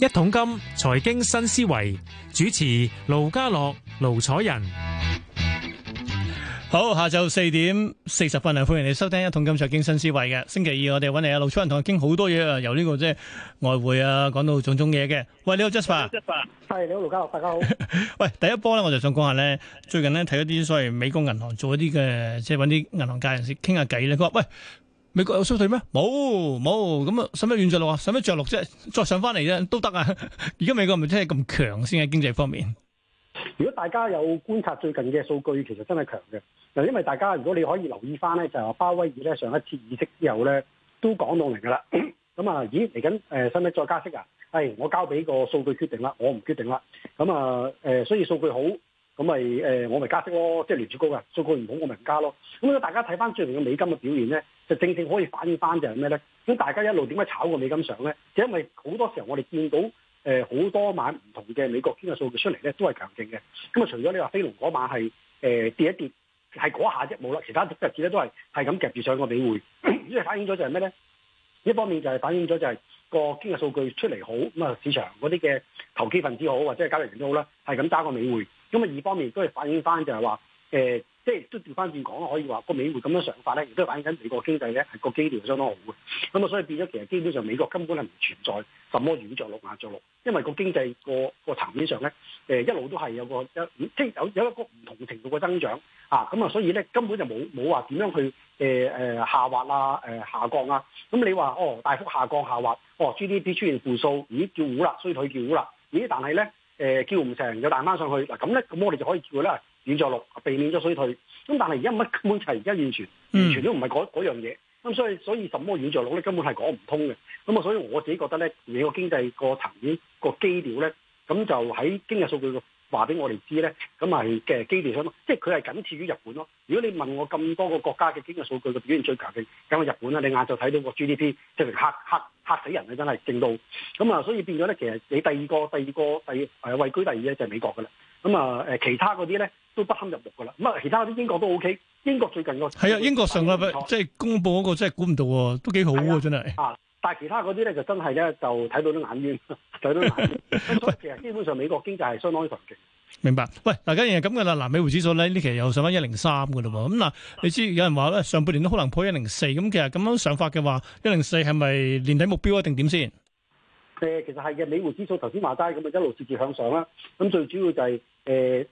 一桶金財經新思維主持盧家樂、盧彩仁，好，下晝四點四十分啊，歡迎你收聽一桶金財經新思維嘅星期二我們找，我哋揾你啊盧彩仁同佢傾好多嘢啊，由呢個即係外匯啊，講到種種嘢嘅。喂，你好，Jessa，係你好，盧家樂，大家好。喂， 第一波咧，我就想講下咧，最近咧睇咗啲所謂美國銀行做一啲嘅，即係搵啲銀行界人士傾下偈咧，佢話喂。美國有衰退咩？冇冇咁啊！使乜軟着陸啊？使乜着陸啫？再上翻嚟啫，都得啊！而家美國咪真係咁強先喺經濟方面。如果大家有觀察最近嘅數據，其實真係強嘅嗱。因為大家如果你可以留意翻咧，就係話鮑威爾咧上一次議息之後咧都講到明噶啦。咁啊，咦嚟緊誒使唔使再加息啊？係、哎、我交俾個數據決定啦，我唔決定啦。咁啊誒，所以數據好咁咪誒我咪加息咯，即係聯儲局啊，數據唔好我咪唔加咯。咁啊，大家睇翻最近嘅美金嘅表現咧。就正正可以反映翻就係咩咧？咁大家一路點解炒個美金上咧？就因為好多時候我哋見到呃好多晚唔同嘅美國經濟數據出嚟咧，都係強勁嘅。咁啊，除咗你話飛龍嗰晚係、呃、跌一跌，係嗰下啫，冇啦。其他日子咧都係係咁夾住上個美匯，因為 反映咗就係咩咧？一方面就係反映咗就係個經濟數據出嚟好，咁啊市場嗰啲嘅投機份子好或者係交易員都好啦，係咁揸個美匯。咁啊二方面都係反映翻就係、是、話、呃即係都調翻轉講，可以話個美匯咁樣想法咧，亦都反映緊美國經濟咧係、那個基調相當好嘅。咁啊，所以變咗其實基本上美國根本係唔存在什麼軟著陸、硬著陸，因為個經濟個、那個層面上咧，誒一路都係有個一唔即係有有一個唔同程度嘅增長啊。咁啊，所以咧根本就冇冇話點樣去誒誒、呃呃、下滑啊、誒、呃、下降啊。咁你話哦大幅下降下滑，哦 GDP 出現負數，咦叫烏啦，所以佢叫烏啦。咦，但係咧誒叫唔成，又彈返上去嗱，咁咧咁我哋就可以叫佢啦。軟著陸避免咗衰退，咁但係而家乜根本就係而家完全完全都唔係嗰樣嘢，咁所以所以什麼軟著陸咧根本係講唔通嘅，咁啊所以我自己覺得咧，你個經濟個層面個基調咧，咁就喺經濟數據個話俾我哋知咧，咁係嘅基地商，即係佢係僅次於日本咯。如果你問我咁多個國家嘅經濟數據嘅表現最強嘅，咁日本啦。你晏晝睇到個 GDP 直情嚇嚇嚇死人啊！真係勁到咁啊，所以變咗咧，其實你第二個、第二個、第誒、啊、位居第二咧就係美國噶啦。咁啊誒，其他嗰啲咧都不堪入目噶啦。咁啊，其他啲英國都 O、OK, K，英國最近個係啊，英國上個禮拜即係公佈嗰個真係估唔到喎，都幾好喎、啊，真係啊。但係其他嗰啲咧就真係咧就睇到都眼冤，睇到眼冤。咁 所以其實基本上美國經濟係相當強勁。明白。喂，當然係咁嘅啦。嗱，美匯指數咧呢這期又上翻一零三嘅啦喎。咁嗱，你知有人話咧上半年都可能破一零四。咁其實咁樣想法嘅話，一零四係咪年底目標一定點先？誒、呃，其實係嘅。美匯指數頭先話齋咁啊，一路節節向上啦。咁最主要就係、是、誒。呃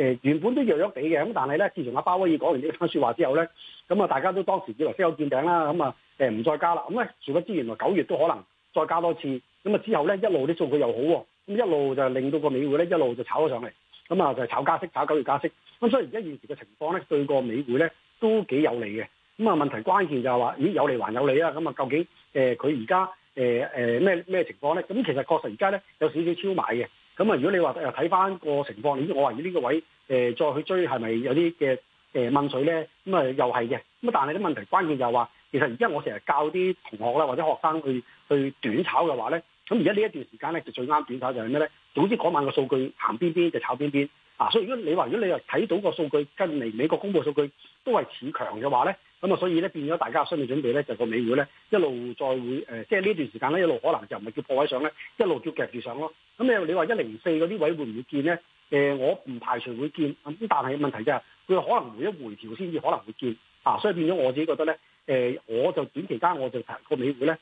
誒、呃、原本都弱咗地嘅，咁但係咧，自從阿鮑威爾講完呢番説話之後咧，咁啊，大家都當時以為先有見頂啦，咁啊，誒唔再加啦。咁咧，殊不知，原來九月都可能再加多次，咁啊，之後咧一路啲數據又好喎，咁一路就令到個美匯咧一路就炒咗上嚟，咁啊就係炒加息，炒九月加息。咁所以而家現時嘅情況咧，對個美匯咧都幾有利嘅。咁啊，問題關鍵就係話，咦有利還有利啊？咁啊，究竟誒佢而家誒誒咩咩情況咧？咁其實確實而家咧有少少超買嘅。咁啊！如果你話誒睇翻個情況，你知我話呢個位誒再去追係咪有啲嘅誒問水咧？咁啊又係嘅。咁啊，但係啲問題關鍵就係話，其實而家我成日教啲同學啦或者學生去去短炒嘅話咧，咁而家呢一段時間咧就最啱短炒就係咩咧？總之嗰晚個數據行邊邊就炒邊邊啊！所以如果你話如果你又睇到個數據跟嚟美國公布數據都係似強嘅話咧。咁啊，所以咧變咗大家嘅心理準備咧，就個、是、美匯咧一路再會、呃、即係呢段時間咧一路可能就唔係叫破位上咧，一路叫夾住上咯。咁你你話一零四嗰啲位會唔會見咧、呃？我唔排除會見，咁但係問題就係佢可能回一回調先至可能會見啊，所以變咗我自己覺得咧、呃，我就短期間我就個美匯咧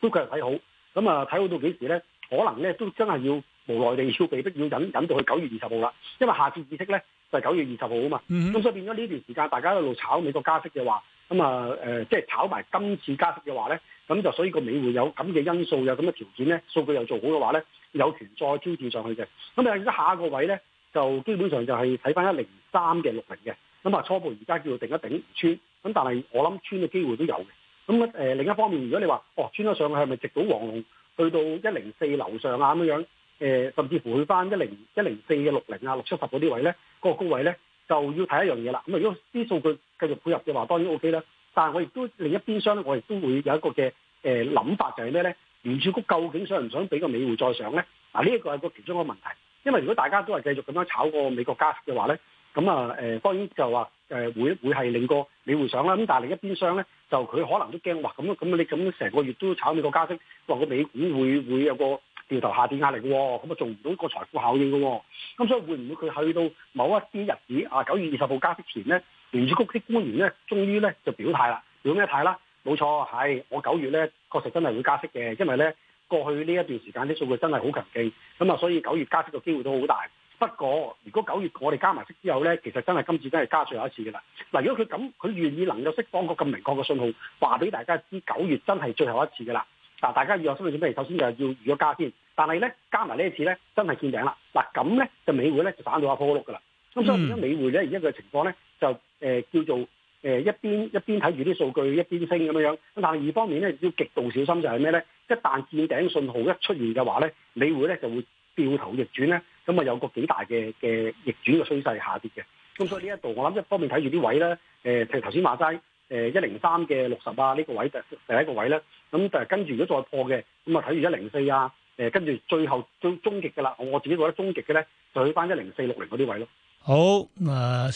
都繼續睇好。咁啊，睇好到幾時咧？可能咧都真係要無奈地要被迫要忍忍到去九月二十號啦，因為下次議息咧。就係九月二十號啊嘛，咁、mm -hmm. 所以變咗呢段時間，大家一路炒美國加息嘅話，咁啊誒，即係炒埋今次加息嘅話咧，咁就所以個美匯有咁嘅因素，有咁嘅條件咧，數據又做好嘅話咧，有權再挑戰上去嘅。咁啊，而家下一個位咧，就基本上就係睇翻一零三嘅六零嘅，咁啊初步而家叫做定一頂穿，咁但係我諗穿嘅機會都有嘅。咁誒、呃、另一方面，如果你話哦穿咗上去係咪直搗黃龍去到一零四樓上啊咁樣？誒、呃、甚至乎去翻一零一零四嘅六零啊六七十嗰啲位咧，嗰、那個高位咧就要睇一樣嘢啦。咁啊，如果啲數據繼續配合嘅話，當然 OK 啦。但係我亦都另一邊商咧，我亦都會有一個嘅誒諗法就係呢，就係咩咧？聯儲局究竟想唔想俾個美匯再上咧？嗱、啊，呢一個係個其中一個問題。因為如果大家都係繼續咁樣炒個美國加息嘅話咧，咁啊誒、呃，當然就話誒、呃、會會係令個美匯上啦。咁但係另一邊商咧，就佢可能都驚話咁咁，你咁成個月都炒美國加息，話個美股會會有個。調頭下跌壓力喎，咁啊做唔到個財富效應嘅喎，咁所以會唔會佢去到某一啲日子啊，九月二十號加息前呢，聯儲局啲官員呢，終於呢就表態啦，表咩態啦？冇錯，係我九月呢確實真係會加息嘅，因為呢過去呢一段時間啲數據真係好強勁，咁啊所以九月加息嘅機會都好大。不過如果九月我哋加埋息之後呢，其實真係今次真係加最後一次嘅啦。嗱，如果佢咁，佢願意能夠釋放個咁明確嘅信號，話俾大家知九月真係最後一次嘅啦。嗱，大家要有心理準備，首先就係要預咗加先。但係咧，加埋呢一次咧，真係見頂啦！嗱咁咧，就美匯咧就打到一坡碌噶啦。咁所以而家美匯咧，而家嘅情況咧，就、呃、叫做、呃、一邊一邊睇住啲數據一邊升咁樣樣。咁但係二方面咧要極度小心就係咩咧？一旦見頂信號一出現嘅話咧，美匯咧就會掉頭逆轉咧，咁啊有個幾大嘅嘅逆轉嘅趨勢下跌嘅。咁所以呢一度我諗一方面睇住啲位咧，譬如頭先話齋誒一零三嘅六十啊呢、呢個位第第一個位咧，咁跟住如果再破嘅，咁啊睇住一零四啊。誒，跟住最後最終極嘅啦，我自己覺得終極嘅咧，就去翻一零四六零嗰啲位咯。好，誒、呃，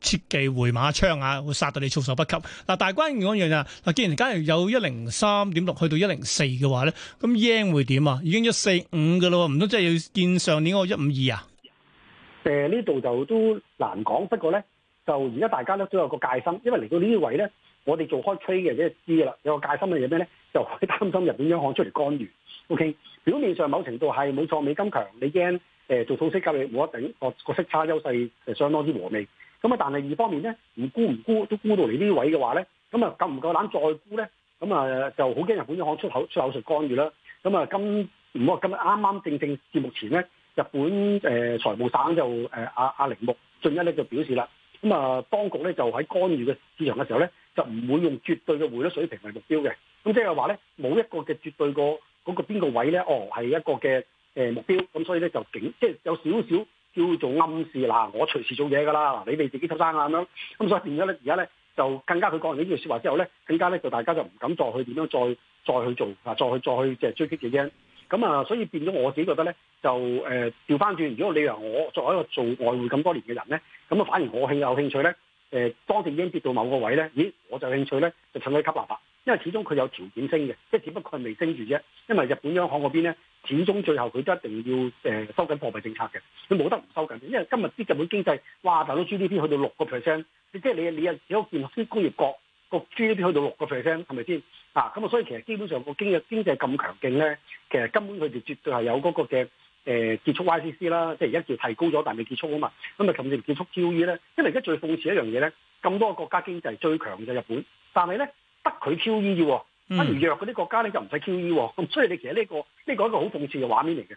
切忌回馬槍啊，會殺到你措手不及。嗱，大關鍵嗰樣啊，嗱，既然而家有一零三點六去到一零四嘅話咧，咁 yen 會點啊？已經一四五嘅咯，唔通真係要見上年嗰一五二啊？誒、呃，呢度就都難講，不過咧，就而家大家咧都有個戒心，因為嚟到呢啲位咧，我哋做開 trade 嘅已經知嘅啦。有個戒心嘅嘢咩咧？就擔心日本央行出嚟干預。O.K. 表面上某程度係冇錯，美金強，你驚誒、呃、做套息交易冇得頂，個個息差優勢係相當之和味咁啊。但係二方面咧，唔沽唔沽都沽到嚟呢位嘅話咧，咁啊夠唔夠膽再沽咧？咁啊就好驚日本央行出口出口術干預啦。咁啊，今唔好話今啱啱正正節目前咧，日本誒、呃、財務省就誒阿阿鈴木俊一咧就表示啦，咁啊，當局咧就喺干預嘅市場嘅時候咧，就唔會用絕對嘅匯率水平為目標嘅。咁即係話咧，冇一個嘅絕對個。個、那、邊個位咧？哦，係一個嘅誒目標，咁所以咧就警，即係有少少叫做暗示嗱，我隨時做嘢噶啦。嗱，你哋自己執生啊咁樣，咁所以變咗咧，而家咧就更加佢講完呢句説話之後咧，更加咧就大家就唔敢再去點樣再再去做啊，再去再去即係追擊嘅啫。咁啊，所以變咗我自己覺得咧，就誒調翻轉。如果你由我作為一個做外匯咁多年嘅人咧，咁啊反而我興有興趣咧，誒當時已經跌到某個位咧，咦我就興趣咧就趁佢吸納啦。因為始終佢有條件升嘅，即係只不過佢未升住啫。因為日本央行嗰邊咧，始終最後佢都一定要誒收緊貨幣政策嘅，佢冇得唔收緊。因為今日啲日本經濟哇，大佬 GDP 去到六個 percent，即係你你又見啲工業國個 GDP 去到六個 percent 係咪先？啊，咁啊，所以其實基本上個經濟經濟咁強勁咧，其實根本佢哋絕對係有嗰、那個嘅誒、呃、結束 YCC 啦，即係而家叫提高咗，但係未結束啊嘛。咁啊，甚至唔結束 QE 咧，因為而家最諷刺一樣嘢咧，咁多國家經濟最強就係日本，但係咧。得佢 QE 喎，不如弱嗰啲國家咧就唔使 QE，咁所以你其實呢、這個呢、這個係一個好諷刺嘅畫面嚟嘅。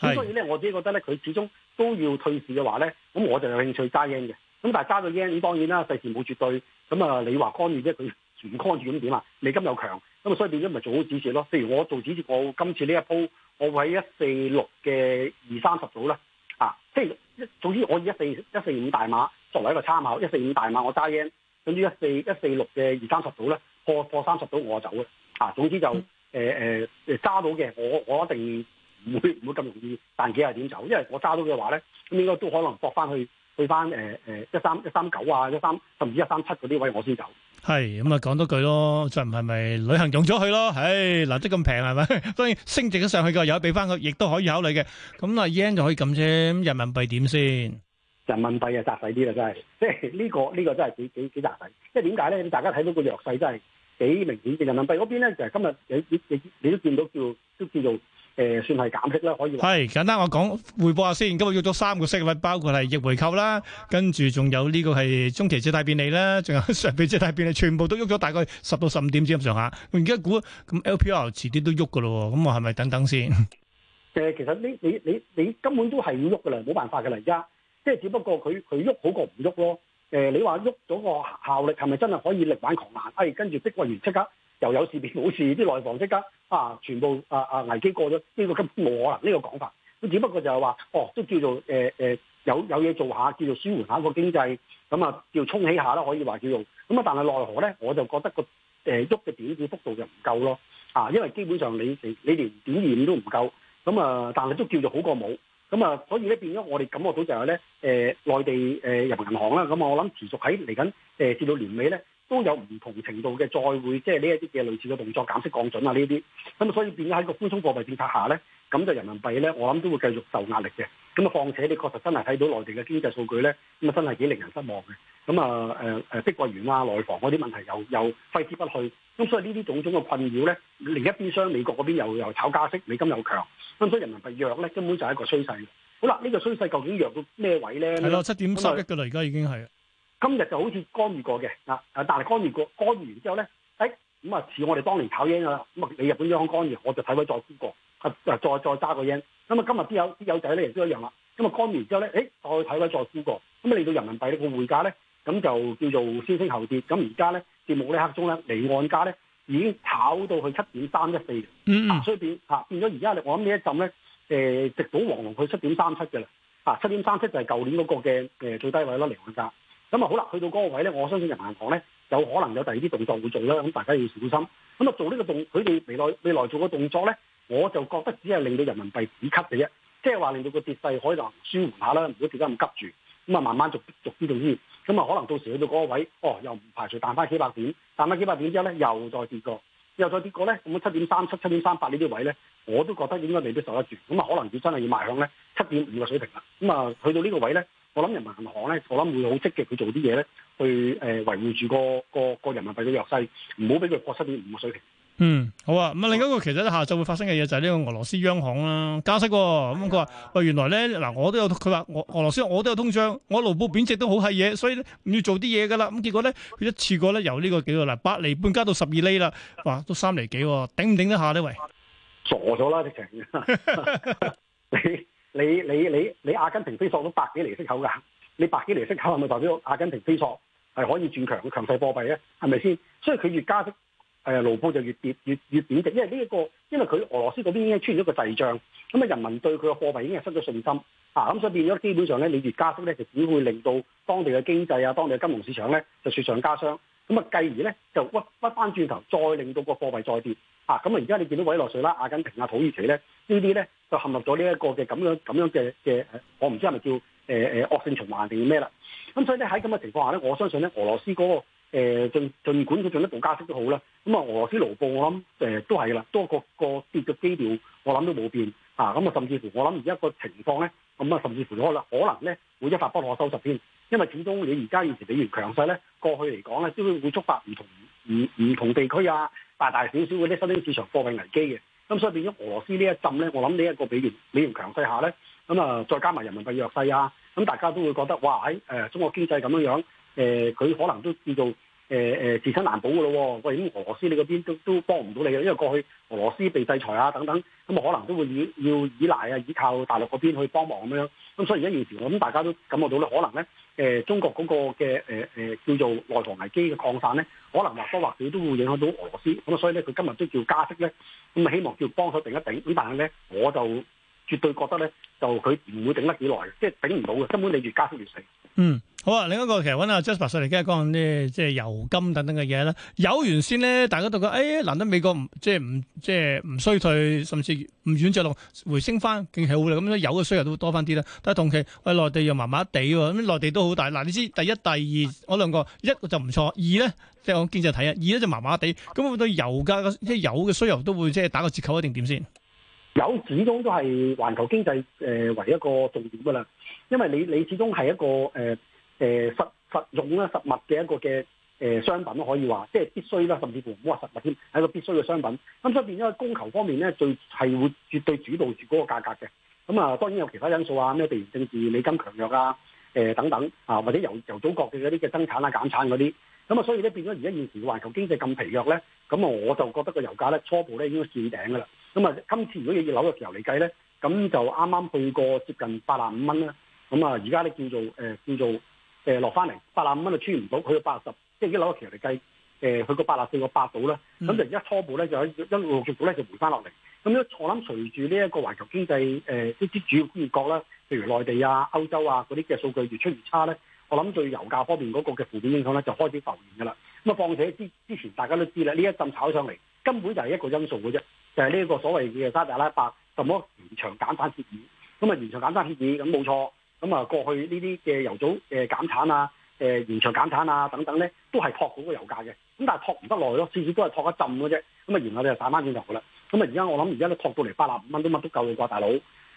咁所以咧，我自己覺得咧，佢始終都要退市嘅話咧，咁我就有興趣揸 yen 嘅。咁但係揸到 yen，當然啦，世事冇絕對。咁啊，你話抗住啫，佢唔抗住咁點啊？你今又強，咁啊，所以變咗咪做好指示咯。譬如我做指示，我今次呢一鋪，我會喺一四六嘅二三十組啦，啊，即係總之我以一四一四五大碼作為一個參考，一四五大碼我揸 yen。總之一四一四六嘅二三十度咧，破過三十度我就走啦。啊，總之就誒誒誒揸到嘅，我我一定唔會唔會咁容易但幾十點走，因為我揸到嘅話咧，咁應該都可能搏翻去去翻誒一三一三九啊，一三甚至一三七嗰啲位我先走。係咁啊，講多句咯，就唔係咪旅行用咗去咯？唉、哎，嗱，即咁平係咪？當然升值咗上去嘅，有俾翻佢，亦都可以考慮嘅。咁啊 yen 就可以咁先，人民幣點先？人民幣又窄細啲啦，真係，即係呢個呢、呢個真係幾幾幾窄細。即係點解咧？大家睇到個弱勢真係幾明顯嘅。人民幣嗰邊咧，就係今日你你你都見到叫都叫做誒、呃、算係減息啦，可以。係簡單講，我講回報一下先。今日喐咗三個息位，包括係逆回購啦，跟住仲有呢個係中期借貸便利啦，仲有常備借貸便利，全部都喐咗大概十到十五點子咁上下。而家估，咁 LPR 遲啲都喐噶啦，咁我係咪等等先？誒，其實呢，你你你根本都係要喐噶啦，冇辦法噶啦，而家。即係只不過佢佢喐好過唔喐咯，誒、呃、你話喐咗個效力係咪真係可以力挽狂瀾？誒、哎、跟住碧桂園即刻又有事變冇事，啲內房即刻啊全部啊啊危機過咗，呢、這個根本冇可能呢、這個講法。只不過就係話，哦都叫做誒、呃、有有嘢做下，叫做舒緩下個經濟，咁啊叫沖起下啦，可以話叫做咁啊。但係奈何咧，我就覺得、那個誒喐嘅點子幅度就唔夠咯，啊因為基本上你你你連點染都唔夠，咁啊但係都叫做好過冇。咁啊，所以咧變咗我哋感覺到就係咧，誒、呃，內地誒人民銀行啦，咁啊我諗持續喺嚟緊誒，至到年尾咧。都有唔同程度嘅再會，即係呢一啲嘅類似嘅動作減息降準啊，呢啲咁所以變咗喺個寬鬆貨幣政策下咧，咁就人民幣咧，我諗都會繼續受壓力嘅。咁啊，況且你確實真係睇到內地嘅經濟數據咧，咁啊真係幾令人失望嘅。咁、呃、啊誒誒，碧桂園啊內房嗰啲問題又又揮之不去。咁所以呢啲種種嘅困擾咧，另一邊廂美國嗰邊又又炒加息，美金又強，咁所以人民幣弱咧根本就係一個趨勢。好啦，呢、這個趨勢究竟弱到咩位咧？係咯，七點三一嘅啦，而家已經係。今日就好似干預過嘅嗱，但係干預過干預完之後咧，誒咁啊似我哋當年炒 yen 啦，咁啊你日本央行干預，我就睇位再沽過，再再揸個 yen。咁啊今日啲友啲友仔咧亦都一樣啦。咁啊干完之後咧，誒、哎、再睇位再沽過。咁啊嚟到人民幣呢個匯價咧，咁就叫做先升後跌。咁而家咧跌，冇呢一刻鐘咧，離岸價咧已經炒到去七點三一四嘅。嗯嗯。所以變嚇變咗而家我諗呢一陣咧誒直搗黃龍去七點三七嘅啦。啊，七點三七就係舊年嗰個嘅誒最低位咯，離岸價。咁啊好啦，去到嗰個位咧，我相信人民銀行咧，有可能有第二啲動作會做啦。咁大家要小心。咁啊做呢個動，佢哋未來未來做個動作咧，我就覺得只係令到人民幣止咳嘅啫，即係話令到個跌勢可能舒緩下啦，唔好跌得咁急住。咁啊慢慢逐逐呢度先，咁啊可能到時去到嗰個位，哦又唔排除彈翻幾百點，彈翻幾百點之後咧又再跌過，又再跌過咧，咁七點三七七點三八呢啲位咧，我都覺得應該未必受得住。咁啊可能真要真係要邁向咧七點五個水平啦。咁啊去到呢個位咧。我諗人民銀行咧，我諗會好積極去做啲嘢咧，去誒維護住個個個人民幣嘅弱勢，唔好俾佢過七點五個水平。嗯，好啊。咁、嗯、啊、嗯，另一個其實下晝會發生嘅嘢就係呢個俄羅斯央行啦、啊、加息、哦。咁佢話喂，原來咧嗱，我都有佢話俄俄羅斯我都有通脹，我盧布貶值都好係嘢，所以唔要做啲嘢噶啦。咁、嗯、結果咧，佢一次過咧由呢個幾個嗱八厘半加到十二厘啦，哇，都三厘幾、哦，頂唔頂得下咧？喂，傻咗啦！直情。你你你你阿根廷飛索都百幾厘息口㗎，你百幾厘息口係咪代表阿根廷飛索係可以轉強強勢貨幣咧？係咪先？所以佢越加息，誒盧布就越跌越越貶值，因為呢、這、一個因為佢俄羅斯嗰邊已經出現一個滯脹，咁啊人民對佢嘅貨幣已經係失去信心啊，咁所以變咗基本上咧，你越加息咧就只會令到當地嘅經濟啊、當地嘅金融市場咧就雪上加霜，咁啊繼而咧就屈屈翻轉頭再令到個貨幣再跌。啊，咁啊，而家你見到委內瑞拉啦，阿根廷啊、土耳其咧，呢啲咧就陷入咗呢一個嘅咁樣咁樣嘅嘅，我唔知係咪叫誒誒、呃、惡性循環定咩啦。咁所以咧喺咁嘅情況下咧，我相信咧，俄羅斯嗰、那個誒盡儘管佢進一步加息都好啦，咁啊，俄羅斯盧布我諗誒、呃、都係噶啦，多個個跌嘅基調，我諗都冇變啊。咁啊，甚至乎我諗而家個情況咧，咁、嗯、啊，甚至乎可能可能咧會一發不可收拾添，因為始終你而家有時美元強勢咧，過去嚟講咧都會會觸發唔同唔唔同地區啊。大大小小嗰啲新興市場貨幣危機嘅，咁所以變咗俄羅斯呢一陣咧，我諗呢一個美元美元強勢下咧，咁啊再加埋人民幣弱勢啊，咁大家都會覺得哇喺誒中國經濟咁樣樣，誒佢可能都叫做。誒誒自身難保嘅咯，我哋咁俄羅斯你嗰邊都都幫唔到你嘅，因為過去俄羅斯被制裁啊等等，咁啊可能都會以要依賴啊依靠大陸嗰邊去幫忙咁樣，咁所以而家現時我諗大家都感覺到咧，可能咧、呃、中國嗰個嘅、呃、叫做內房危機嘅擴散咧，可能或多或少都會影響到俄羅斯，咁啊所以咧佢今日都叫加息咧，咁啊希望叫幫手頂一頂，咁但係咧我就絕對覺得咧就佢唔會頂得幾耐嘅，即、就、係、是、頂唔到嘅，根本你越加息越死。嗯。好啊！另一個其實揾阿 Jasper Sir 嚟，今日講下咧，即係油金等等嘅嘢啦。有完先咧，大家都覺得，誒、哎，難得美國唔即係唔即係唔衰退，甚至唔軟着陸，回升翻，勁好啦。咁咧，有嘅需求都多翻啲啦。但係同期，喂、哎，內地又麻麻地喎，咁內地都好大。嗱，你知第一、第二，我兩個，一個就唔錯，二咧、就是，即係我經濟睇啊，二咧就麻麻地。咁會對油價嘅即係有嘅需求都會即係打個折扣一定點先？有始終都係環球經濟誒唯一個重點噶啦，因為你你始終係一個誒。呃誒實實用啦，實物嘅一個嘅誒商品都可以話，即係必須啦，甚至乎唔好話實物添，係一個必須嘅商品。咁所以變咗供求方面咧，最係會絕對主導住嗰個價格嘅。咁啊，當然有其他因素啊，咩地緣政治、美金強弱啊，誒、欸、等等啊，或者由油組國嘅嗰啲嘅增產啊、減產嗰啲。咁啊，所以咧變咗而家現時環球經濟咁疲弱咧，咁啊我就覺得個油價咧初步咧已經算頂㗎啦。咁啊，今次如果要紐約石油嚟計咧，咁就啱啱去過接近八十五蚊啦。咁啊，而家咧叫做誒叫做。呃叫做誒落翻嚟，八十五蚊就穿唔到，去到八十，即係一樓嘅期嚟計，誒去到八十四個八到啦。咁、嗯、就而家初步咧，就喺一路六線股咧就回翻落嚟。咁咧，我諗隨住呢一個環球經濟，誒一啲主要工業國咧，譬如內地啊、歐洲啊嗰啲嘅數據越出越差咧，我諗對油價方面嗰個嘅負面影響咧就開始浮現㗎啦。咁啊，況且之之前大家都知啦，呢一陣炒上嚟根本就係一個因素嘅啫，就係呢一個所謂嘅沙特阿拉伯什麼延長減產協議，咁啊延長減產協議咁冇錯。咁啊，過去呢啲嘅油組嘅減產啊，誒、呃、延長減產啊等等咧，都係託到個油價嘅。咁但係託唔得耐咯，次次都係託一浸嘅啫。咁啊，然後你就打翻轉頭噶啦。咁啊，而家我諗，而家都託到嚟八十五蚊都乜都夠嘅啩，大佬。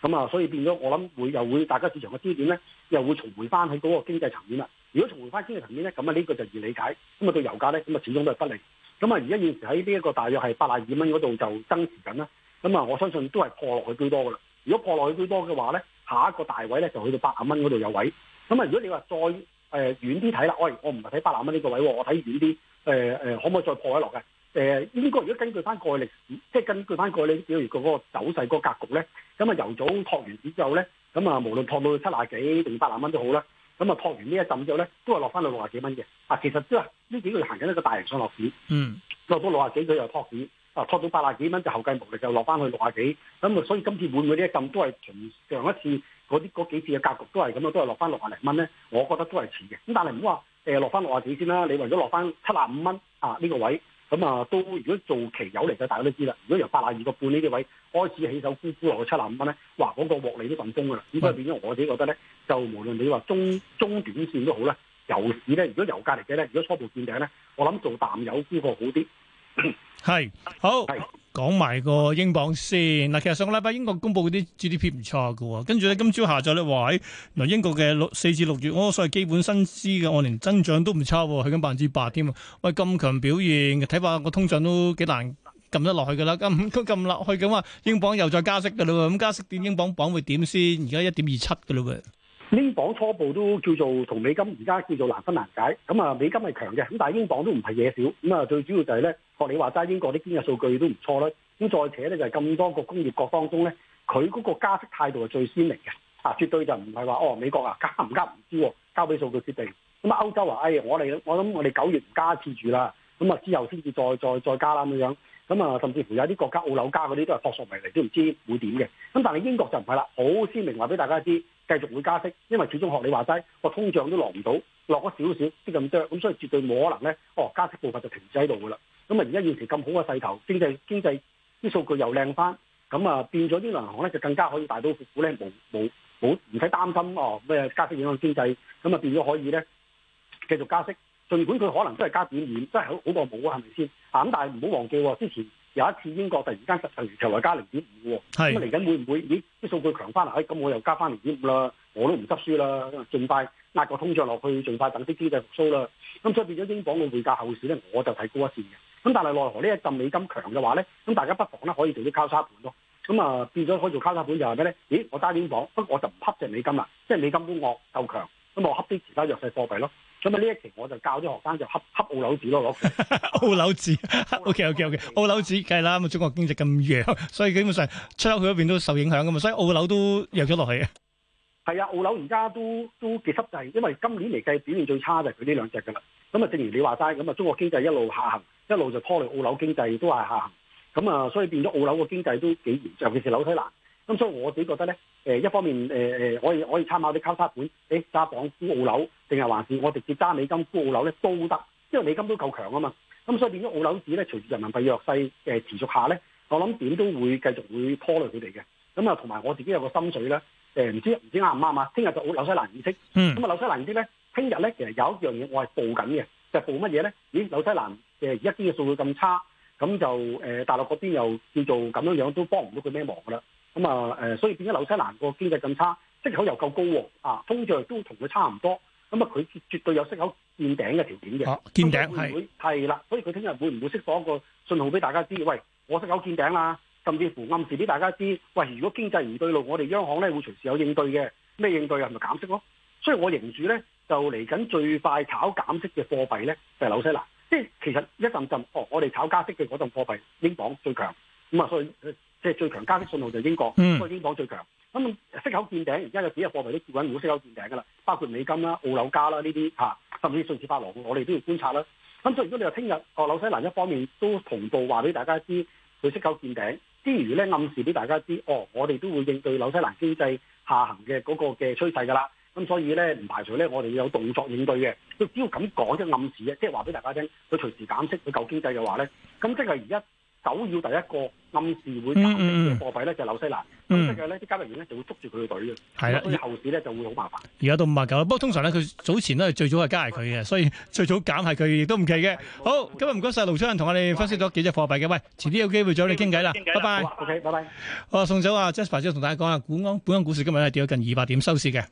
咁啊，所以變咗我諗會又會大家市場嘅焦點咧，又會重回翻喺嗰個經濟層面啦。如果重回翻經濟層面咧，咁啊呢個就易理解。咁啊對油價咧，咁啊始終都係不利。咁啊而家現時喺呢一個大約係八十二蚊嗰度就增持緊啦。咁啊我相信都係破落去居多噶啦。如果破落去居多嘅話咧，下一個大位咧，就去到百廿蚊嗰度有位，咁啊如果你話再誒、呃、遠啲睇啦，喂、哎、我唔係睇百廿蚊呢個位喎，我睇遠啲，誒、呃呃、可唔可以再破一落嘅？誒、呃、應該如果根據翻概率，即係根據翻概率比如個嗰個走勢嗰個格局咧，咁啊由早托完市之後咧，咁啊無論托到七廿幾定百廿蚊都好啦，咁啊托完呢一陣之後咧，都係落翻到六廿幾蚊嘅，啊其實即係呢幾個月行緊一個大型上落市，嗯，落到六廿幾佢又托市。啊，拖到八廿幾蚊就後繼無力，就落翻去六廿幾。咁啊，所以今次滿嗰啲一撳都係從上一次嗰啲嗰幾次嘅格局都係咁啊，都係落翻六廿零蚊咧。我覺得都係遲嘅。咁但係唔好話誒落翻六廿幾先啦。你為咗落翻七廿五蚊啊呢個位，咁啊都如果做期友嚟嘅，大家都知啦。如果由八廿二個半呢啲位開始起手沽沽落去七廿五蚊咧，哇！嗰個獲利都份中㗎啦。咁所以變咗我自己覺得咧，就無論你話中中短線都好啦，油市咧，如果油價嚟嘅咧，如果初步見頂咧，我諗做淡友沽貨好啲。係好講埋個英鎊先嗱，其實上個禮拜英國公布嗰啲 GDP 唔錯㗎喎，跟住咧今朝下晝咧話嗱英國嘅六四至六月，我所謂基本薪資嘅，我連增長都唔差，去緊百分之八添。喂，咁強表現，睇法個通脹都幾難撳得落去㗎啦。咁咁咁落去咁啊，英鎊又再加息㗎啦，咁加息點英，英鎊榜會點先？而家一點二七㗎啦喎。英鎊初步都叫做同美金，而家叫做難分難解。咁啊，美金係強嘅，咁但係英鎊都唔係嘢少。咁啊，最主要就係、是、咧，學你話齋，英國啲經濟數據都唔錯啦。咁再且咧，就係咁多個工業國當中咧，佢嗰個加息態度係最鮮明嘅。啊，絕對就唔係話哦，美國啊加唔加唔知、啊，交俾數據決定。咁啊，歐洲啊，哎，我哋我諗我哋九月唔加次住啦。咁啊，之後先至再再再加啦咁樣。咁啊，甚至乎有啲國家澳紐加嗰啲都係撲朔迷離，都唔知會點嘅。咁、啊、但係英國就唔係啦，好鮮明話俾大家知。繼續會加息，因為始終學你話齋，個、哦、通脹都落唔到，落咗少少啲咁多，咁所以絕對冇可能咧。哦，加息步伐就停止喺度㗎啦。咁啊，而家要條咁好嘅勢頭，經濟經濟啲數據又靚翻，咁啊變咗啲銀行咧就更加可以大刀闊斧咧，冇冇冇唔使擔心哦咩加息影響經濟，咁啊變咗可以咧繼續加息。儘管佢可能都係加點染，都係好好過冇啊，係咪先？啊咁，但係唔好忘記喎，之前。有一次英國突然間實勢如潮來加零點五喎，咁嚟緊會唔會？咦，啲數據強翻嚟，咁我又加翻零點五啦，我都唔執輸啦，盡快壓個通脹落去，盡快等啲經濟復甦啦。咁所以變咗英鎊嘅匯價後市咧，我就睇高一線嘅。咁但係奈何呢一陣美金強嘅話咧，咁大家不妨咧可以做啲交叉盤咯。咁啊變咗可以做交叉盤就係咩咧？咦，我揸英鎊，不過我就唔吸隻美金啦，即係美金都我夠強，咁我吸啲其他弱勢貨幣咯。咁啊！呢一期我就教啲學生就恰恰澳樓紙咯， 澳樓紙，O K O K O K，澳樓紙計啦。咁啊，中國經濟咁弱，所以基本上出口去嗰邊都受影響噶嘛，所以澳樓都弱咗落去。係啊，澳樓而家都都幾濕滯，因為今年嚟計表現最差就係佢呢兩隻㗎啦。咁啊，正如你話齋，咁啊，中國經濟一路下行，一路就拖累澳樓經濟都係下行。咁啊，所以變咗澳樓個經濟都幾嚴重，尤其是樓梯難。咁、嗯、所以我自己覺得咧，誒一方面誒誒、呃，可以可以參考啲交叉盤，誒揸港股澳樓，定係還是我直接揸美金沽澳樓咧都得，因為美金都夠強啊嘛。咁、嗯、所以變咗澳樓市咧，隨住人民幣弱勢誒、呃、持續下咧，我諗點都會繼續會拖累佢哋嘅。咁、嗯、啊，同埋我自己有個心水啦，誒、呃、唔知唔知啱唔啱啊？聽日就澳紐西蘭議息，咁啊紐西蘭議息咧，聽日咧其實有一樣嘢我係報緊嘅，就是、報乜嘢咧？咦，紐西蘭誒一啲嘅數據咁差，咁就誒、呃、大陸嗰邊又叫做咁樣樣，都幫唔到佢咩忙噶啦～咁啊，誒、呃，所以變咗紐西蘭個經濟咁差，息口又夠高喎、啊，啊，通脹都同佢差唔多，咁啊，佢絕對有息口見頂嘅條件嘅、啊。見頂係係啦，所以佢聽日會唔會釋放一個信號俾大家知？喂，我息口見頂啦、啊，甚至乎暗示俾大家知，喂，如果經濟唔對路，我哋央行咧會隨時有應對嘅，咩應對啊？咪減息咯、啊？所以我認住咧，就嚟緊最快炒減息嘅貨幣咧，就係、是、紐西蘭。即係其實一陣陣，哦，我哋炒加息嘅嗰陣貨幣，英鎊最強。咁啊，所以。即係最強加息信號就英國，個英鎊最強。咁息口見頂，而家有幾個貨幣都跳緊好息口見頂㗎啦。包括美金啦、澳紐加啦呢啲嚇，甚至瑞士法郎，我哋都要觀察啦。咁所以如果你話聽日哦紐西蘭一方面都同步話俾大家知佢息口見頂，之餘咧暗示俾大家知，哦我哋都會應對紐西蘭經濟下行嘅嗰個嘅趨勢㗎啦。咁所以咧唔排除咧，我哋要有動作應對嘅。佢只要咁講即暗示啊，即係話俾大家聽，佢隨時減息佢救經濟嘅話咧，咁即係而家。首要第一個暗示會減嘅貨幣咧就紐西蘭，咁、嗯嗯、即係呢啲交易員咧就會捉住佢嘅隊嘅，係啦，以後市咧就會好麻煩。而家都五百九，不過通常咧佢早前咧最早係加係佢嘅，所以最早減係佢亦都唔奇嘅。好，今日唔該晒。盧昌仁同我哋分析咗幾隻貨幣嘅。喂，遲啲有機會再同你傾偈啦，拜拜。O K，拜拜。好，okay, bye bye 好，送走啊，宋總啊 Jasper 之，想同大家講下，股安本港股市今日係跌咗近二百點收市嘅。